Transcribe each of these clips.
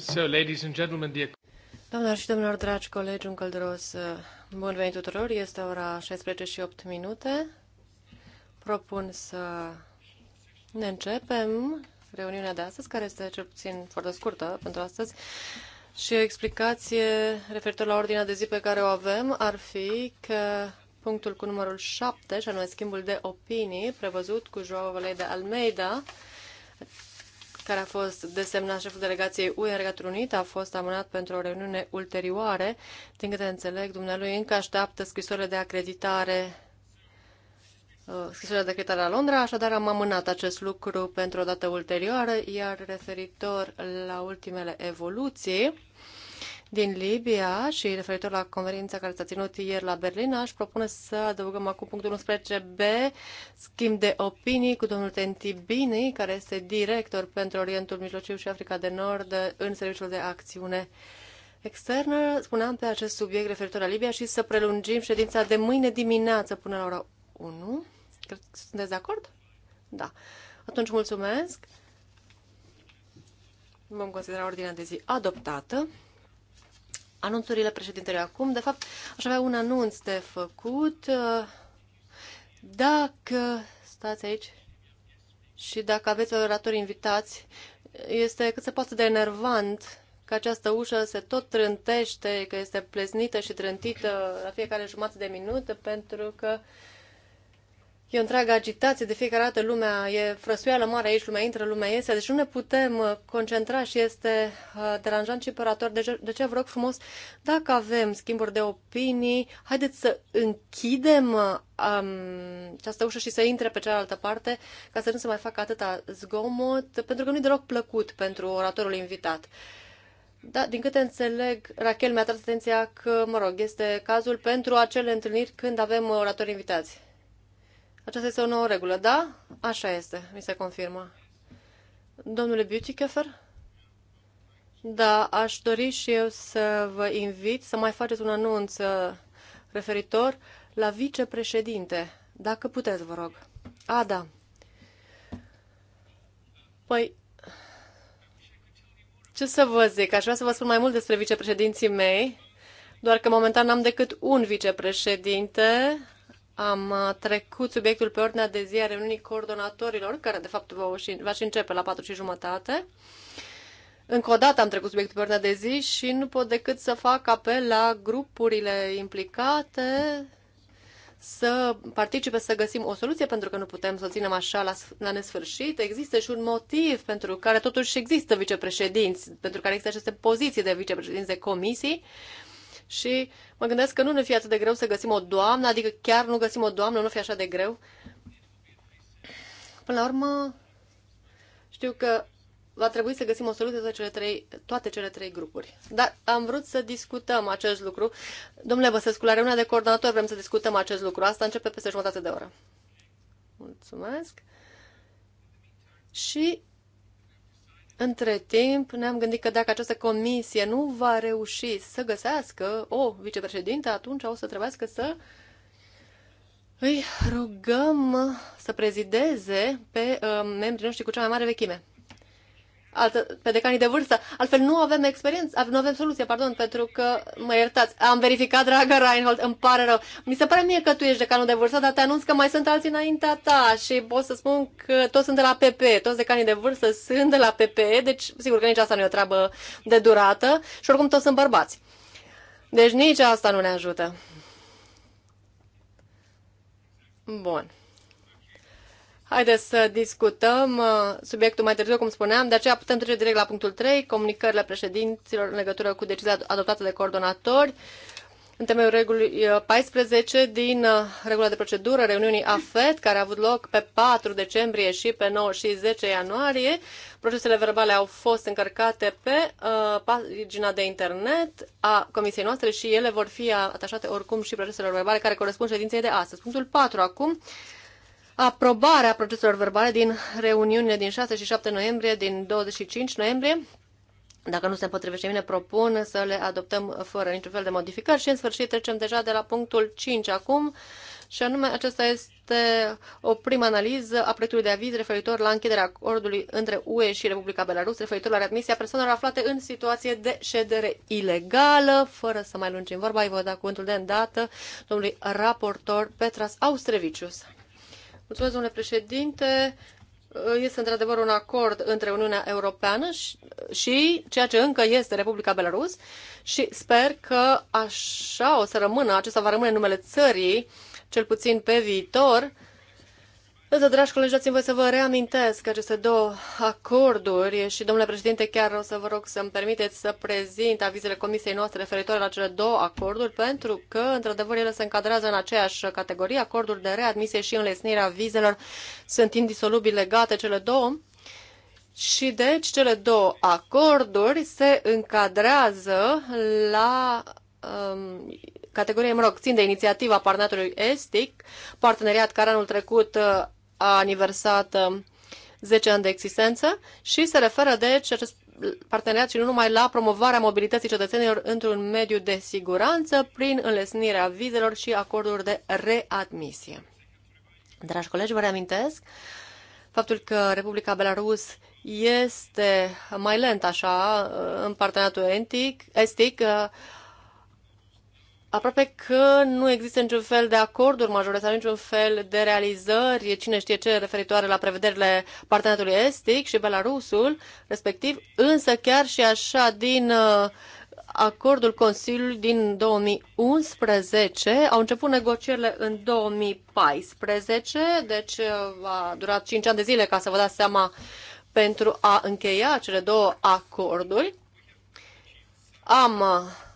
So, ladies and gentlemen, dear... Doamnelor și domnilor, dragi colegi, un călduros uh, bun venit tuturor. Este ora 16 și 8 minute. Propun să ne începem reuniunea de astăzi, care este cel puțin foarte scurtă pentru astăzi. Și o explicație referitor la ordinea de zi pe care o avem ar fi că punctul cu numărul 7, și anume schimbul de opinii, prevăzut cu Joao Valei de Almeida, care a fost desemnat șeful delegației UE Regatul Unit, a fost amânat pentru o reuniune ulterioare. Din câte înțeleg, dumnealui încă așteaptă scrisorile de acreditare uh, scrisoarea de acreditare la Londra, așadar am amânat acest lucru pentru o dată ulterioară, iar referitor la ultimele evoluții, din Libia și referitor la conferința care s-a ținut ieri la Berlin, aș propune să adăugăm acum punctul 11b, schimb de opinii cu domnul Tentibini, care este director pentru Orientul Mijlociu și Africa de Nord în Serviciul de Acțiune Externă. Spuneam pe acest subiect referitor la Libia și să prelungim ședința de mâine dimineață până la ora 1. Cred că sunteți de acord? Da. Atunci mulțumesc. Vom considera ordinea de zi adoptată anunțurile președintelui acum. De fapt, aș avea un anunț de făcut. Dacă stați aici și dacă aveți oratori invitați, este cât se poate de enervant că această ușă se tot trântește, că este pleznită și trântită la fiecare jumătate de minut, pentru că uh, e o întreagă agitație, de fiecare dată lumea e frăsuială mare aici, lumea intră, lumea iese, deci nu ne putem uh, concentra și este uh, deranjant și operator. De, de ce vă rog frumos, dacă avem schimburi de opinii, haideți să închidem um, această ușă și să intre pe cealaltă parte, ca să nu se mai facă atâta zgomot, pentru că nu-i deloc plăcut pentru oratorul invitat. Da, din câte înțeleg, Rachel mi-a tras atenția că, mă rog, este cazul pentru acele întâlniri când avem oratori invitați. Aceasta este o nouă regulă, da? Așa este, mi se confirmă. Domnule Beautykefer? Da, aș dori și eu să vă invit să mai faceți un anunț uh, referitor la vicepreședinte. Dacă puteți, vă rog. A, da. Păi, ce să vă zic? Aș vrea să vă spun mai mult despre vicepreședinții mei, doar că momentan n-am decât un vicepreședinte am uh, trecut subiectul pe ordinea de zi a reuniunii coordonatorilor, care de fapt va și începe la 4 și jumătate. Încă o dată am trecut subiectul pe ordinea de zi și nu pot decât să fac apel la grupurile implicate să participe, să găsim o soluție, pentru că nu putem să o ținem așa la, la nesfârșit. Există și un motiv pentru care totuși există vicepreședinți, pentru care există aceste poziții de vicepreședinți de comisii. Uh, și mă gândesc că nu ne fie atât de greu să găsim o doamnă, adică chiar nu găsim o doamnă, nu fi așa de greu. Până la urmă, știu că va trebui să găsim o soluție pentru cele trei, toate cele trei grupuri. Dar am vrut să discutăm acest lucru. Domnule Băsescu, la reuniunea de coordonator vrem să discutăm acest lucru. Asta începe peste jumătate de oră. Mulțumesc. Și între timp, ne-am gândit că dacă această comisie nu va reuși să găsească o vicepreședinte, atunci o să trebuiască să îi rugăm să prezideze pe uh, membrii noștri cu cea mai mare vechime altă, pe decanii de vârstă. Altfel nu avem experiență, nu avem soluție, pardon, pentru că, mă iertați, am verificat, dragă Reinhold, îmi pare rău. Mi se pare mie că tu ești decanul de vârstă, dar te anunț că mai sunt alții înaintea ta și pot să spun că toți sunt de la PP, toți decanii de vârstă sunt de la PP, deci sigur că nici asta nu e o treabă de durată și oricum toți sunt bărbați. Deci nici asta nu ne ajută. Bun. Haideți să discutăm uh, subiectul mai târziu, cum spuneam, de aceea putem trece direct la punctul 3, comunicările președinților în legătură cu decizia adoptată de coordonatori. În temeiul regulii 14 uh, din uh, regula de procedură reuniunii AFET, care a avut loc pe 4 decembrie și pe 9 și 10 ianuarie, procesele verbale au fost încărcate pe uh, pagina de internet a comisiei noastre și ele vor fi atașate oricum și proceselor verbale care corespund ședinței de astăzi. Punctul 4 acum aprobarea proceselor verbale din reuniunile din 6 și 7 noiembrie, din 25 noiembrie. Dacă nu se potrivește mine, propun să le adoptăm fără niciun fel de modificări și în sfârșit trecem deja de la punctul 5 acum și anume acesta este o primă analiză a proiectului de aviz referitor la închiderea acordului între UE și Republica Belarus referitor la readmisia persoanelor aflate în situație de ședere ilegală. Fără să mai lungim vorba, îi voi da cuvântul de îndată domnului raportor Petras Austrevicius. Mulțumesc, domnule președinte. Este într-adevăr un acord între Uniunea Europeană și, ceea ce încă este Republica Belarus și sper că așa o să rămână, acesta va rămâne numele țării, cel puțin pe viitor, Însă, dragi colegi, dați-mi voi să vă reamintesc aceste două acorduri și, domnule președinte, chiar o să vă rog să-mi permiteți să prezint avizele comisiei noastre referitoare la cele două acorduri, pentru că, într-adevăr, ele se încadrează în aceeași categorie. Acorduri de readmisie și înlesnirea vizelor sunt indisolubil legate cele două. Și deci cele două acorduri se încadrează la um, categorie, mă rog, țin de inițiativa Parnatului Estic, parteneriat care anul trecut uh, a aniversat 10 um, ani de existență și se referă, deci, parteneriat și nu numai la promovarea mobilității cetățenilor într-un mediu de siguranță prin înlesnirea vizelor și acorduri de readmisie. Dragi colegi, vă reamintesc faptul că Republica Belarus este mai lent așa în parteneriatul estic, uh, aproape că nu există niciun fel de acorduri majore sau niciun fel de realizări, cine știe ce, referitoare la prevederile parteneriatului estic și Belarusul, respectiv, însă chiar și așa din uh, acordul Consiliului din 2011, au început negocierile în 2014, deci uh, a durat 5 ani de zile ca să vă dați seama pentru a încheia cele două acorduri. Am uh,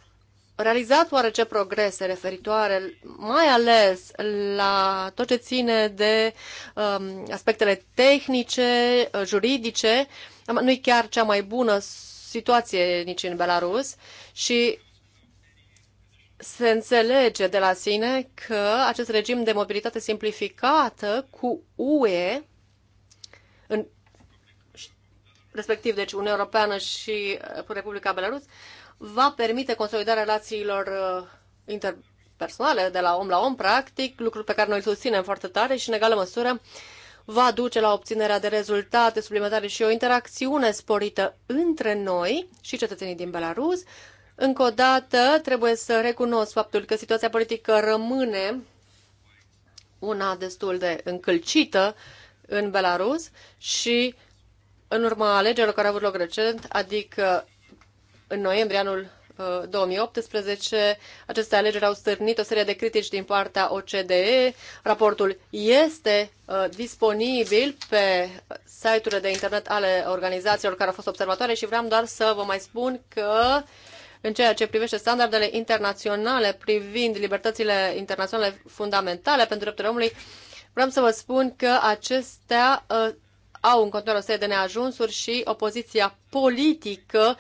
realizat oarece progrese referitoare, mai ales la tot ce ține de um, aspectele tehnice, juridice. Nu e chiar cea mai bună situație nici în Belarus și se înțelege de la sine că acest regim de mobilitate simplificată cu UE respectiv deci Uniunea Europeană și uh, Republica Belarus, va permite consolidarea relațiilor uh, interpersonale de la om la om, practic, lucruri pe care noi îl susținem foarte tare și, în egală măsură, va duce la obținerea de rezultate suplimentare și o interacțiune sporită între noi și cetățenii din Belarus. Încă o dată, trebuie să recunosc faptul că situația politică rămâne una destul de încălcită în Belarus și în urma alegerilor care au avut loc recent, adică în noiembrie anul 2018. Uh, aceste alegeri au stârnit o serie de critici din partea OCDE. Raportul este uh, disponibil pe site-urile de internet ale organizațiilor care au fost observatoare și vreau doar să vă mai spun că în ceea ce privește standardele internaționale privind libertățile internaționale fundamentale pentru drepturile omului, vreau să vă spun că acestea uh, au în continuare o serie de neajunsuri și opoziția politică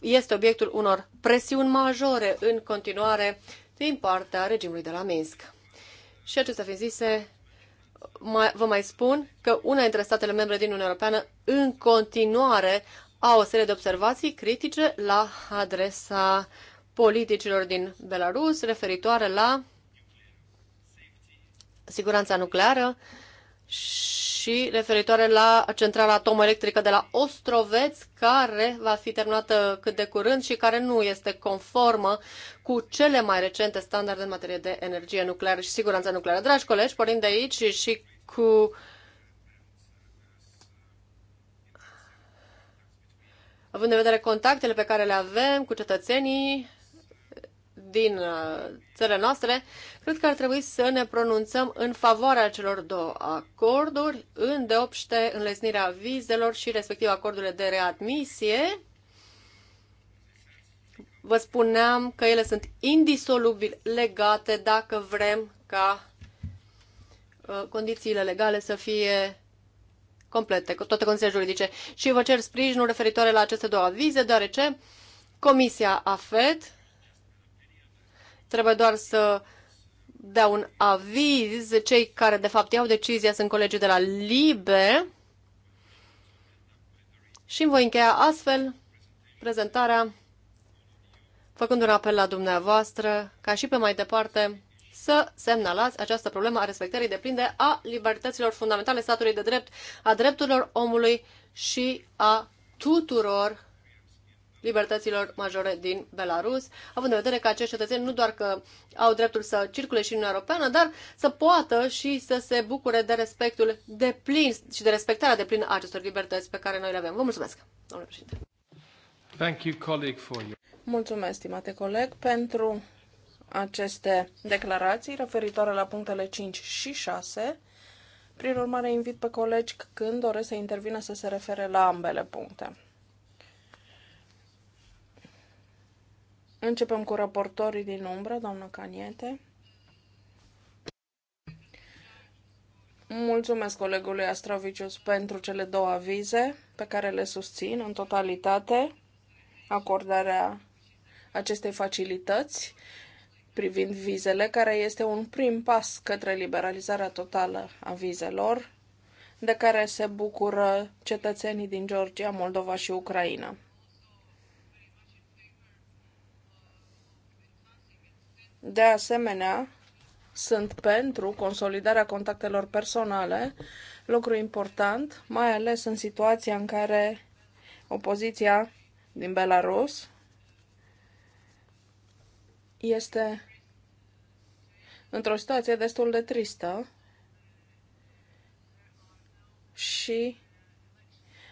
este obiectul unor presiuni majore în continuare din partea regimului de la Minsk. Și acestea fiind zise, mai, vă mai spun că una dintre statele membre din Uniunea Europeană în continuare au o serie de observații critice la adresa politicilor din Belarus referitoare la siguranța nucleară și și referitoare la centrala atomoelectrică de la Ostroveț, care va fi terminată cât de curând și care nu este conformă cu cele mai recente standarde în materie de energie nucleară și siguranță nucleară. Dragi colegi, pornim de aici și cu având în vedere contactele pe care le avem cu cetățenii din uh, țările noastre, cred că ar trebui să ne pronunțăm în favoarea celor două acorduri, îndeopște înlesnirea vizelor și respectiv acordurile de readmisie. Vă spuneam că ele sunt indisolubil legate dacă vrem ca uh, condițiile legale să fie complete, cu toate condițiile juridice. Și vă cer sprijinul referitoare la aceste două avize, deoarece Comisia AFET Trebuie doar să dea un aviz. Cei care, de fapt, iau decizia sunt colegii de la LIBE. Și voi încheia astfel prezentarea făcând un apel la dumneavoastră ca și pe mai departe să semnalați această problemă a respectării de plinde a libertăților fundamentale statului de drept, a drepturilor omului și a tuturor libertăților majore din Belarus, având în vedere că acești cetățeni nu doar că au dreptul să circule și în Uniunea Europeană, dar să poată și să se bucure de respectul de plin și de respectarea de plin a acestor libertăți pe care noi le avem. Vă mulțumesc, domnule președinte. Thank you, colleague, for you. Mulțumesc, stimate coleg, pentru aceste declarații referitoare la punctele 5 și 6. Prin urmare, invit pe colegi când doresc să intervină să se refere la ambele puncte. Începem cu raportorii din umbră, doamna Caniete. Mulțumesc colegului Astrovicius pentru cele două avize pe care le susțin în totalitate. Acordarea acestei facilități privind vizele, care este un prim pas către liberalizarea totală a vizelor, de care se bucură cetățenii din Georgia, Moldova și Ucraina. De asemenea, sunt pentru consolidarea contactelor personale, lucru important, mai ales în situația în care opoziția din Belarus este într-o situație destul de tristă și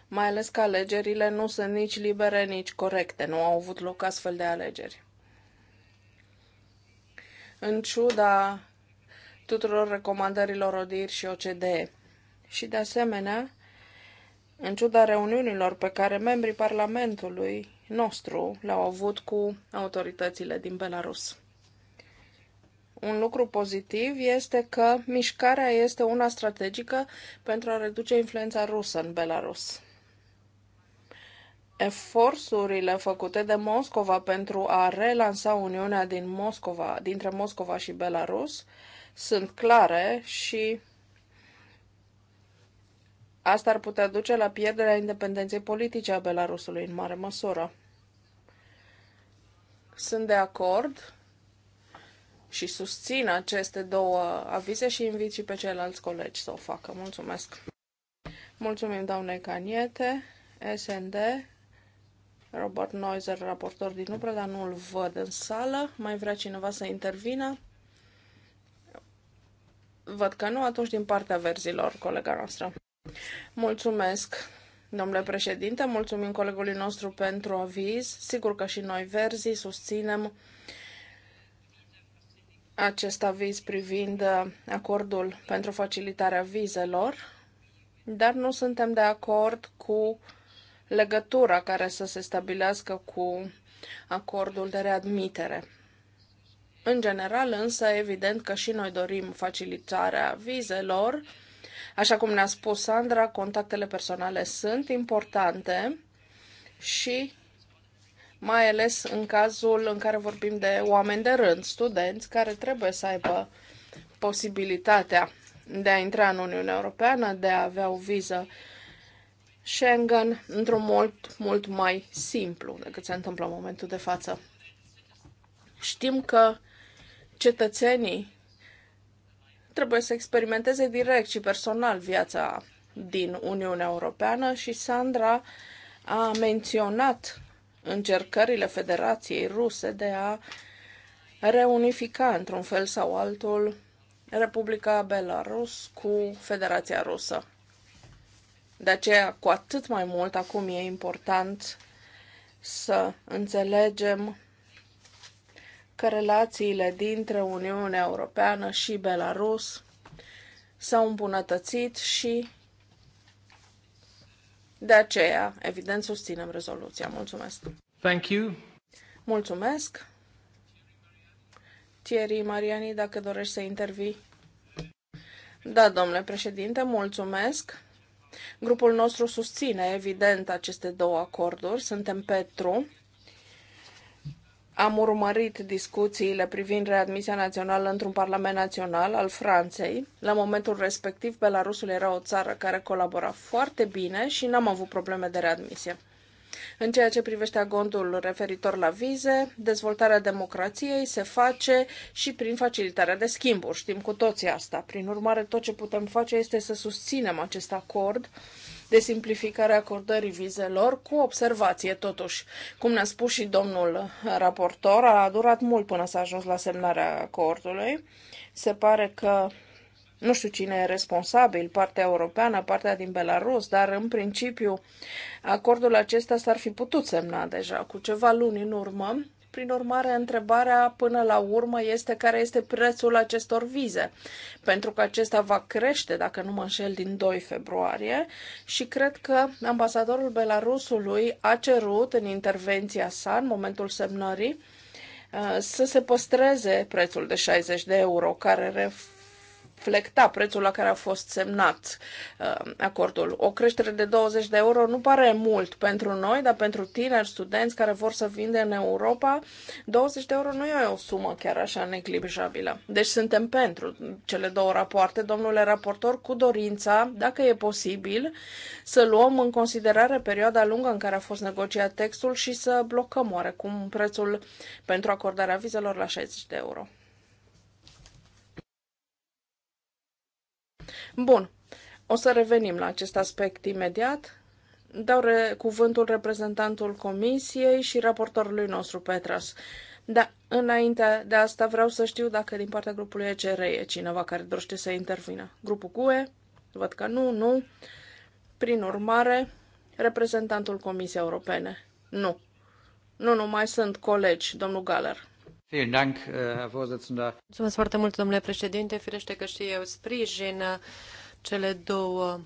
mai ales că alegerile nu sunt nici libere, nici corecte. Nu au avut loc astfel de alegeri în ciuda tuturor recomandărilor ODIR și OCDE. Și de asemenea, în ciuda reuniunilor pe care membrii Parlamentului nostru le-au avut cu autoritățile din Belarus. Un lucru pozitiv este că mișcarea este una strategică pentru a reduce influența rusă în Belarus eforturile făcute de Moscova pentru a relansa Uniunea din Moscova, dintre Moscova și Belarus sunt clare și asta ar putea duce la pierderea independenței politice a Belarusului în mare măsură. Sunt de acord și susțin aceste două avize și invit și pe ceilalți colegi să o facă. Mulțumesc! Mulțumim, doamne Caniete, SND, Robert Noiser, raportor din Ubra, dar nu-l văd în sală. Mai vrea cineva să intervină? Văd că nu, atunci din partea verzilor, colega noastră. Mulțumesc, domnule președinte, mulțumim colegului nostru pentru aviz. Sigur că și noi verzii susținem acest aviz privind acordul pentru facilitarea vizelor, dar nu suntem de acord cu uh, legătura care să se stabilească cu acordul de readmitere. În general, însă, evident că și noi dorim facilitarea vizelor. Așa cum ne-a spus Sandra, contactele personale sunt importante și mai ales în cazul în care vorbim de oameni de rând, studenți care trebuie să aibă posibilitatea de a intra în Uniunea Europeană, de a avea o viză uh, Schengen într-un mult, mult mai simplu decât se întâmplă în momentul de față. Știm că cetățenii trebuie să experimenteze direct și personal viața din Uniunea Europeană și Sandra a menționat încercările Federației Ruse de a reunifica într-un fel sau altul Republica Belarus cu Federația Rusă. De aceea, cu atât mai mult, acum e important să înțelegem că relațiile dintre Uniunea Europeană și Belarus s-au îmbunătățit și de aceea, evident, susținem rezoluția. Mulțumesc! Thank you! Mulțumesc! Thierry Mariani, dacă dorești să intervii. Da, domnule președinte, mulțumesc! Grupul nostru susține, evident, aceste două acorduri. Suntem petru. Am urmărit discuțiile privind readmisia națională într-un parlament național al Franței. La momentul respectiv, Belarusul era o țară care colabora foarte bine și n-am avut probleme de readmisie. În ceea ce privește agontul referitor la vize, dezvoltarea democrației se face și prin facilitarea de schimburi. Știm cu toții asta. Prin urmare, tot ce putem face este să susținem acest acord de simplificare a acordării vizelor, cu observație totuși. Cum ne-a spus și domnul raportor, a durat mult până s-a ajuns la semnarea acordului. Se pare că nu știu cine e responsabil, partea europeană, partea din Belarus, dar în principiu acordul acesta s-ar fi putut semna deja cu ceva luni în urmă. Prin urmare, întrebarea până la urmă este care este prețul acestor vize, pentru că acesta va crește, dacă nu mă înșel, din 2 februarie și cred că ambasadorul Belarusului a cerut în intervenția sa, în momentul semnării, uh, să se păstreze prețul de 60 de euro, care reflecta prețul la care a fost semnat uh, acordul. O creștere de 20 de euro nu pare mult pentru noi, dar pentru tineri, studenți care vor să vinde în Europa, 20 de euro nu e o sumă chiar așa neglijabilă. Deci suntem pentru cele două rapoarte, domnule raportor, cu dorința, dacă e posibil, să luăm în considerare perioada lungă în care a fost negociat textul și să blocăm oarecum prețul pentru acordarea vizelor la 60 de euro. Bun, o să revenim la acest aspect imediat. Dau re- cuvântul reprezentantul comisiei și raportorului nostru, Petras. Da, înainte de asta vreau să știu dacă din partea grupului ECR e cineva care dorește să intervină. Grupul CUE? Văd că nu, nu. Prin urmare, reprezentantul Comisiei Europene? Nu. Nu, nu, mai sunt colegi, domnul Galer. Äh, Mulțumesc foarte mult, domnule președinte. Firește că și eu sprijin uh, cele două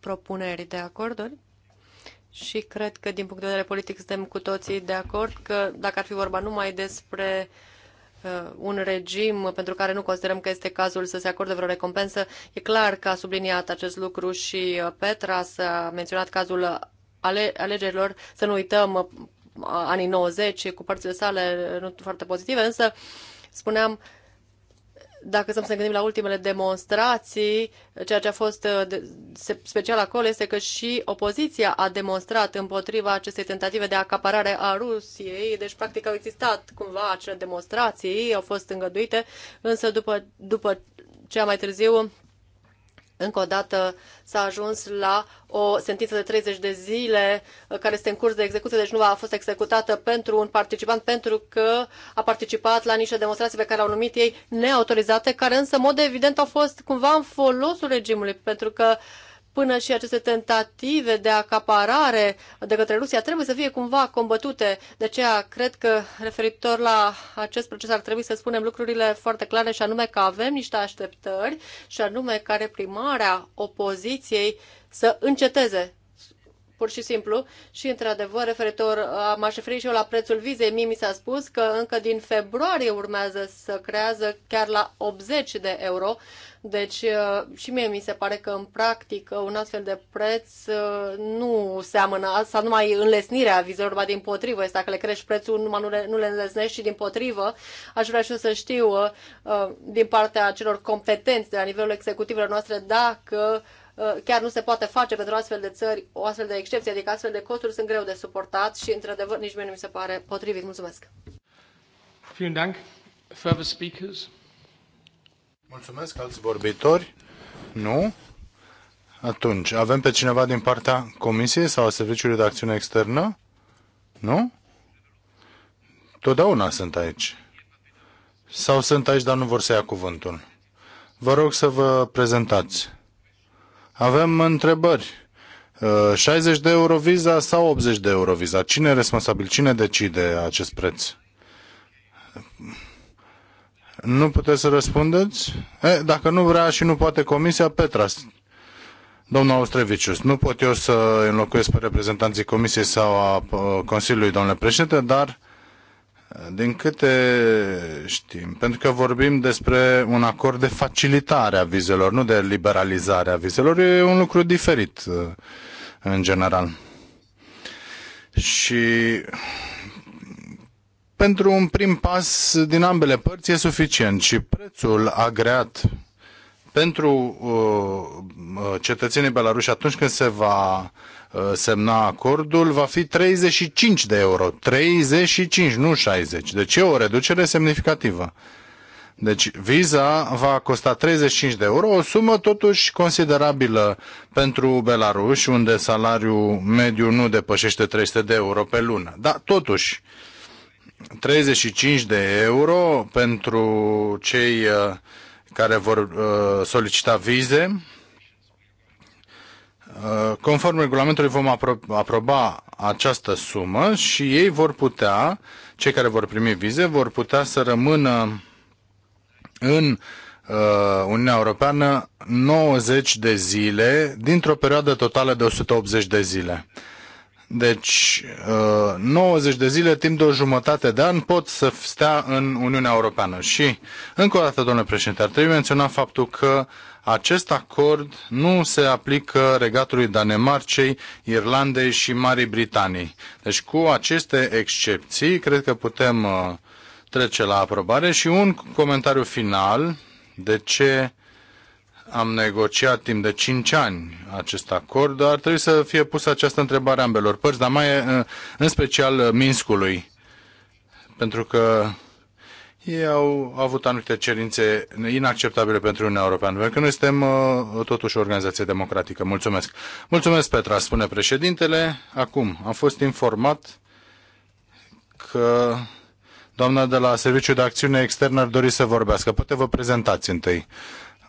propuneri de acorduri și cred că din punct de vedere politic suntem cu toții de acord că dacă ar fi vorba numai despre uh, un regim pentru care nu considerăm că este cazul să se acorde vreo recompensă. E clar că a subliniat acest lucru și uh, Petra s-a menționat cazul ale alegerilor. Să nu uităm anii 90 cu părțile sale nu foarte pozitive, însă spuneam dacă să ne gândim la ultimele demonstrații, ceea ce a fost uh, special acolo este că și opoziția a demonstrat împotriva acestei tentative de acaparare a Rusiei, deci practic au existat cumva acele demonstrații, au fost îngăduite, însă după, după cea mai târziu încă o dată s-a ajuns la o sentință de 30 de zile uh, care este în curs de execuție, deci nu a fost executată pentru un participant pentru că a participat la niște demonstrații pe care au numit ei neautorizate, care însă, în mod evident, au fost cumva în folosul regimului, pentru că uh, până și aceste tentative de acaparare de către Rusia trebuie să fie cumva combătute. De aceea cred că referitor la acest proces ar trebui să spunem lucrurile foarte clare și anume că avem niște așteptări și anume care primarea opoziției să înceteze pur și simplu. Și, într-adevăr, referitor, m-aș referi și eu la prețul vizei. Mie mi s-a spus că încă din februarie urmează să creează chiar la 80 de euro. Deci uh, și mie mi se pare că în practică un astfel de preț uh, nu seamănă asta, numai înlesnirea vizelor, numai din potrivă. Este dacă le crești prețul, numai nu le, nu le înlesnești și din potrivă. Aș vrea și eu să știu uh, din partea celor competenți de la nivelul executivelor noastre dacă Uh, chiar nu se poate face pentru astfel de țări o astfel de excepție, adică astfel de costuri sunt greu de suportat și, într-adevăr, nici mie nu mi se pare potrivit. Mulțumesc! Mulțumesc, alți vorbitori? Nu? Atunci, avem pe cineva din partea Comisiei sau a Serviciului de Acțiune Externă? Nu? Totdeauna sunt aici. Sau sunt aici, dar nu vor să ia cuvântul. Vă rog să vă prezentați. Avem întrebări. 60 uh, de euro viza sau 80 de euro viza? Cine e responsabil? Cine decide acest preț? Nu puteți să răspundeți? E, dacă nu vrea și nu poate comisia, Petras. Domnul Austrevicius, nu pot eu să înlocuiesc pe reprezentanții comisiei sau a uh, Consiliului, domnule președinte, dar uh, din câte știm, pentru că vorbim despre un acord de facilitare a vizelor, nu de liberalizare a vizelor, e un lucru diferit uh, în general. Și pentru un prim pas din ambele părți e suficient și prețul agreat pentru uh, uh, cetățenii belaruși atunci când se va uh, semna acordul va fi 35 de euro. 35, nu 60. Deci e o reducere semnificativă. Deci viza va costa 35 de euro, o sumă totuși considerabilă pentru Belarus, unde salariul mediu nu depășește 300 de euro pe lună. Dar totuși, 35 de euro pentru cei uh, care vor uh, solicita vize. Uh, conform regulamentului vom apro aproba această sumă și ei vor putea, cei care vor primi vize, vor putea să rămână în uh, Uniunea Europeană 90 de zile dintr-o perioadă totală de 180 de zile. Deci, 90 uh, de zile, timp de o jumătate de an, pot să stea în Uniunea Europeană. Și, încă o dată, domnule președinte, ar trebui menționat faptul că acest acord nu se aplică regatului Danemarcei, Irlandei și Marii Britanii. Deci, cu aceste excepții, cred că putem uh, trece la aprobare. Și un comentariu final de ce am negociat timp de 5 ani acest acord, dar trebuie să fie pusă această întrebare ambelor părți, dar mai în special Minskului, pentru că ei au avut anumite cerințe inacceptabile pentru Uniunea Europeană, pentru că noi suntem uh, totuși o organizație democratică. Mulțumesc. Mulțumesc, Petra, spune președintele. Acum, am fost informat că doamna de la Serviciul de Acțiune Externă ar dori să vorbească. Poate vă prezentați întâi.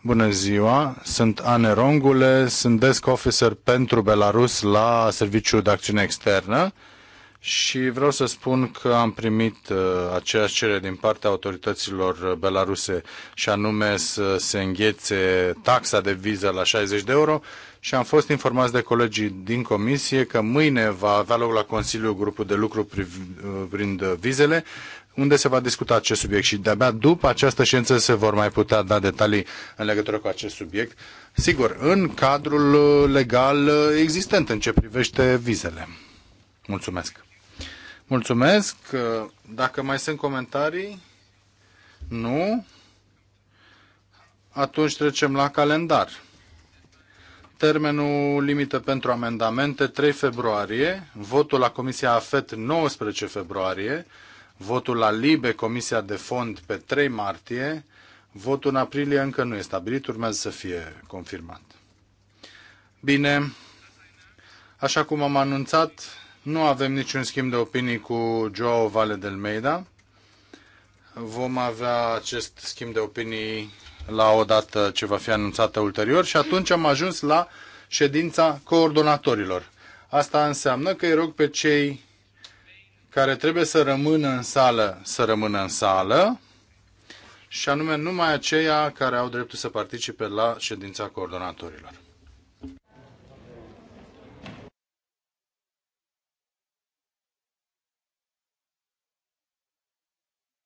Bună ziua, sunt Ane Rongule, sunt desk officer pentru Belarus la Serviciul de Acțiune Externă și vreau să spun că am primit uh, aceeași cerere din partea autorităților belaruse și anume să se înghețe taxa de viză la 60 de euro și am fost informați de colegii din comisie că mâine va avea loc la Consiliu grupul de lucru uh, privind vizele unde se va discuta acest subiect și de-abia după această ședință se vor mai putea da detalii în legătură cu acest subiect. Sigur, în cadrul legal existent în ce privește vizele. Mulțumesc. Mulțumesc. Dacă mai sunt comentarii, nu. Atunci trecem la calendar. Termenul limită pentru amendamente 3 februarie, votul la Comisia AFET 19 februarie, votul la LIBE, Comisia de Fond, pe 3 martie. Votul în aprilie încă nu e stabilit, urmează să fie confirmat. Bine, așa cum am anunțat, nu avem niciun schimb de opinii cu Joao Vale del Meida. Vom avea acest schimb de opinii la o dată ce va fi anunțată ulterior și atunci am ajuns la ședința coordonatorilor. Asta înseamnă că îi rog pe cei care trebuie să rămână în sală, să rămână în sală, și anume numai aceia care au dreptul să participe la ședința coordonatorilor.